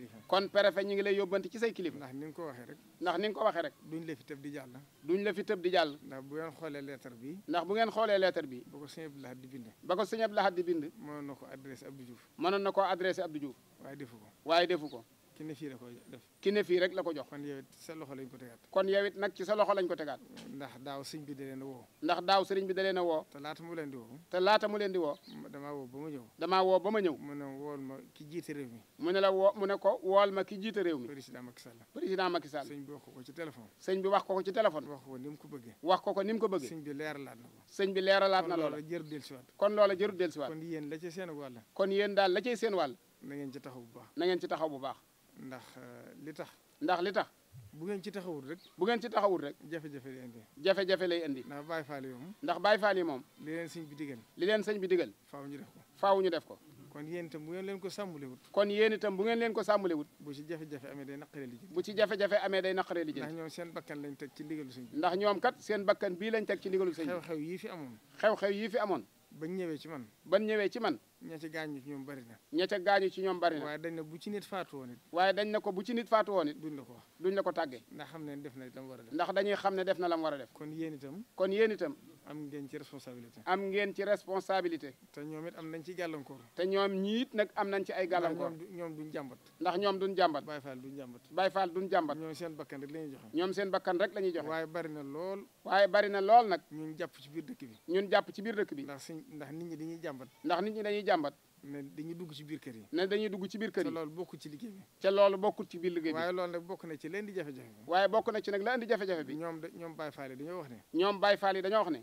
kilifa kon préfet ñu ngi lay yóbbanti ci say kilifa ndax ni nga ko waxee rek ndax ni nga ko waxee rek duñ la fi tëb di jàll duñ la fi tëb di jàll ndax bu ngeen xoolee lettre bi ndax bu ngeen xoolee lettre bi ba ko sëñ Abdou Lahad di bind ba ko sëñ Abdou Lahad di bind mënoon ko adressé Abdou Diouf mënoon na koo waaye defu ko waaye defu ko ki ne fii la rek la ko jox kon yow it sa loxo lañ ko tegaat kon yow it sa loxo lañ ko tegaat ndax daaw sëriñ bi da na woo ndax daaw sëriñ bi da leen a woo te laata mu leen di woo te laata mu leen di woo damaa woo ba ma ñëw damaa woo ba ma ñëw mu ne wool ma mu ne la woo mu ne ko wool ma ki jiite réew mi président Macky Sall président Macky Sall sëñ bi wax ko ko ci téléphone sëñ bi wax ko ko ci téléphone wax ko ni ko bëggee wax ko ko ni mu ko bëggee sëñ bi leeralaat na ko sëñ bi leeralaat na loola jëru si waat kon loola jëru si waat kon yéen la daal la cay seen wàll na ngeen ci bu baax na ci taxaw bu baax ndax euh, li tax. ndax li tax. bu ngeen ci taxawul rek. bu ngeen ci taxawul rek. jafe-jafe lay indi. jafe-jafe lay indi. ndax Baye Fall moom. ndax Baye Fall yi moom. li leen sëñ bi digal. li leen sëñ bi digal. faaw def ko faaw ñu def ko. kon yéen tam bu ngeen leen ko sàmmalewut. kon yéen itam bu ngeen leen ko sàmmalewut. bu ci jafe-jafe amee day naqaree lijjanti. bu ci jafe-jafe amee day naqaree lijjanti. ndax ñoom seen bakkan lañ teg ci ndigalu sëñ bi. ndax ñoom kat seen bakkan bi lañ teg ci ndigalu sëñ bi. xew-xew yii amoon. xew-xew yii fi amoon. ba ñëwee ci man ban ñëwee ci man ña ca gaañu ci ñoom bari na ña ca gaañu ci ñoom bari na waaye dañ na bu ci nit faatu woon waaye dañ na ko bu ci nit faatu woon it duñ la ko duñ la ko tàggee ndax xam ne def na lam war a def ndax dañuy xam ne def na la lam war a def kon yéen itam kon yéen itam am ngeen ci responsabilité. am ngeen ci responsabilité. te ñoom it am nañ ci gàllankoor. te ñoom ñii it nag am nañ ci ay gàllankoor. ndax ñoom duñ jàmbat. ndax ñoom duñ jàmbat. Baye Fall duñ jàmbat. Baye Fall duñ jàmbat. ñoom seen bakkan rek la ñuy joxe. ñoom seen bakkan rek la ñuy joxe. waaye bari na lool. waaye bari na lool nag. ñun jàpp ci biir dëkk bi. ñun jàpp ci biir dëkk bi. ndax suñ ndax nit ñi dañuy jàmbat. ndax nit ñi dañuy jàmbat. ne dañuy dugg ci biir kër yi ne dañuy dugg ci biir kër yi te loolu bokkul ci liggéey bi te loolu bokkul ci biir liggéey bi waaye loolu nag bokk na ci la indi jafe-jafe bi waaye bokk na ci nag la indi jafe-jafe bi ñoom ñoom Baye Fall yi dañoo wax ne ñoom Baye Fall yi dañoo wax ne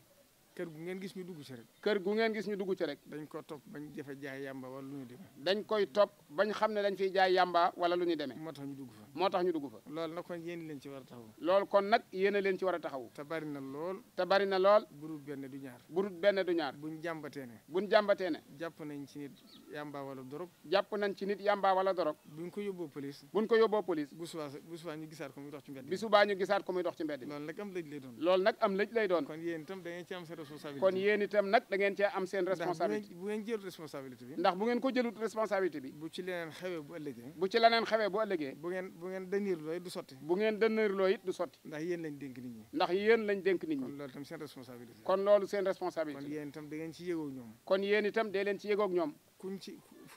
kër gu ngeen gis ñu dugg ci rek. kër gu ngeen gis ñu dugg ci rek. dañ ko topp bañ jafe jaay yàmba wala lu ñu demee. dañ koy topp bañ xam ne dañ fiy jaay yàmba wala lu ñu demee. moo tax ñu dugg moo tax ñu dugg fa. loolu nag kon yéen leen ci war a taxaw. loolu kon nag yéen leen ci war a taxaw. te bari na lool. te bari na lool. burut benn du ñaar. burut du yóbboo police. bu subaa bu subaa ñu gisaat ko muy dox ci mbedd bu subaa ñu gisaat ko muy dox ci mbedd bi. nag am lëj lay doon. loolu nag am lëj lay doon. kon yéen itam da ci am seen responsabilité kon yéen itam nag da ngeen cee am seen responsabilité bu ngeen jël responsabilité bi ndax bu ngeen ko jëlut responsabilité bi bu ci leneen xewee bu ëllëgee bu ci leneen xewee bu ëllëgee bu bu ngeen dëniir loo du sotti bu ngeen dëniir loo du sotti ndax yéen lañ dénk nit ñi kon loolu seen responsabilité kon loolu seen responsabilité kon ci yëgoog ñoom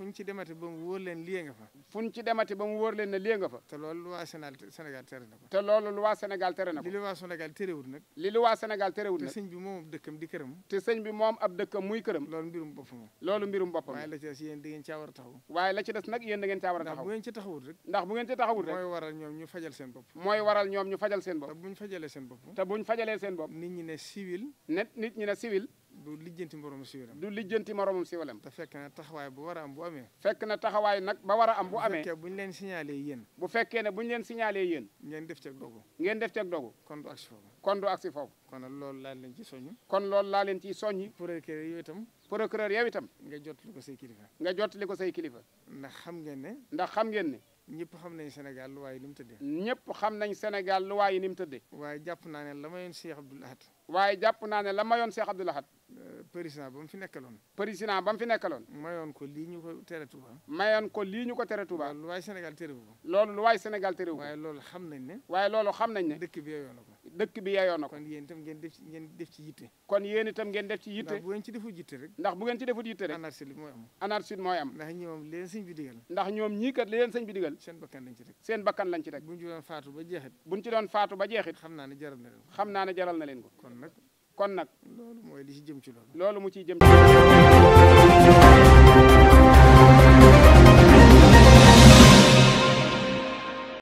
fu ñu ci demati ba mu wóor leen lii nga fa fu ñu ci demati ba mu wóor leen ne lii nga fa te loolu lu waa Sénégal tere na ko te loolu lu waa Sénégal tere na ko li lu waa Sénégal terewul nag li lu waa Sénégal terewul nag te sëñ bi moom ab dëkkam di këram te sëñ bi moom ab dëkkam muy këram loolu mbirum boppam loolu mbirum boppam waaye la ci des yéen da ngeen caa war a taxaw waaye la ci des nag yéen da ngeen caa war a taxaw ndax bu ngeen ci taxawut rek ndax bu ngeen ci taxawut rek mooy waral ñoom ñu fajal seen bopp mooy waral ñoom ñu fajal seen bopp te buñ fajalee seen bopp te buñ fajalee seen bopp nit ñi ne civil net nit ñi ne civil du lijjanti moromam siwalam du lijjanti moromam siwalam te fekk na taxawaay bu war a am bu amee fekk na taxawaay nag ba war a am bu amee bu ñu leen signalé yéen bu fekkee ne bu ñu leen signalé yéen ngeen def ceeg dogu ngeen def ceeg dogu kon du agsi foofu kon du agsi foofu kon loolu laa leen ci soññ kon loolu laa leen ciy soññ procureur yow itam procureur yow itam nga jot li ko say kilifa nga jot li ko say kilifa ndax xam ngeen ne ndax xam ngeen ne ñëpp xam nañ Sénégal lu waaye ni mu tëddee. ñëpp xam nañ Sénégal lu waaye ni mu tëddee. waaye jàpp naa ne la ma yoon Cheikh Abdoul Ahad. waaye jàpp naa ne la ma yoon Cheikh Abdoul Ahad. Euh, président ba mu fi nekkaloon. président ba mu fi nekkaloon. mayoon ko lii ñu ko tere Touba. mayoon ko lii ñu ko tere Touba. loolu lu waay Sénégal terewu ko. loolu lu waay Sénégal terewu ko. waaye loolu xam nañ ne. waaye loolu xam nañ ne. dëkk bi yeyoo na ko. dëkk bi yeyoo na ko. kon yéen itam ngeen def ci ngeen def ci yitte. kon yéen itam ngeen def ci yitte. ndax bu ngeen ci defut yitte rek. ndax bu ngeen ci defut yitte rek. anarchie mooy am. anarchie mooy am. ndax ñoom li leen sëñ bi digal. ndax ñoom ñii kat li leen sëñ bi digal. seen bakkan lañ ci rek. seen bakkan lañ ci rek. buñ ci doon faatu ba jeexit. buñ ci doon faatu ba jeexit. xam naa ne jaral na leen ko. xam na ko. kon nag kon nag. loolu mooy li ci jëm ci loolu. loolu mu ciy jem ci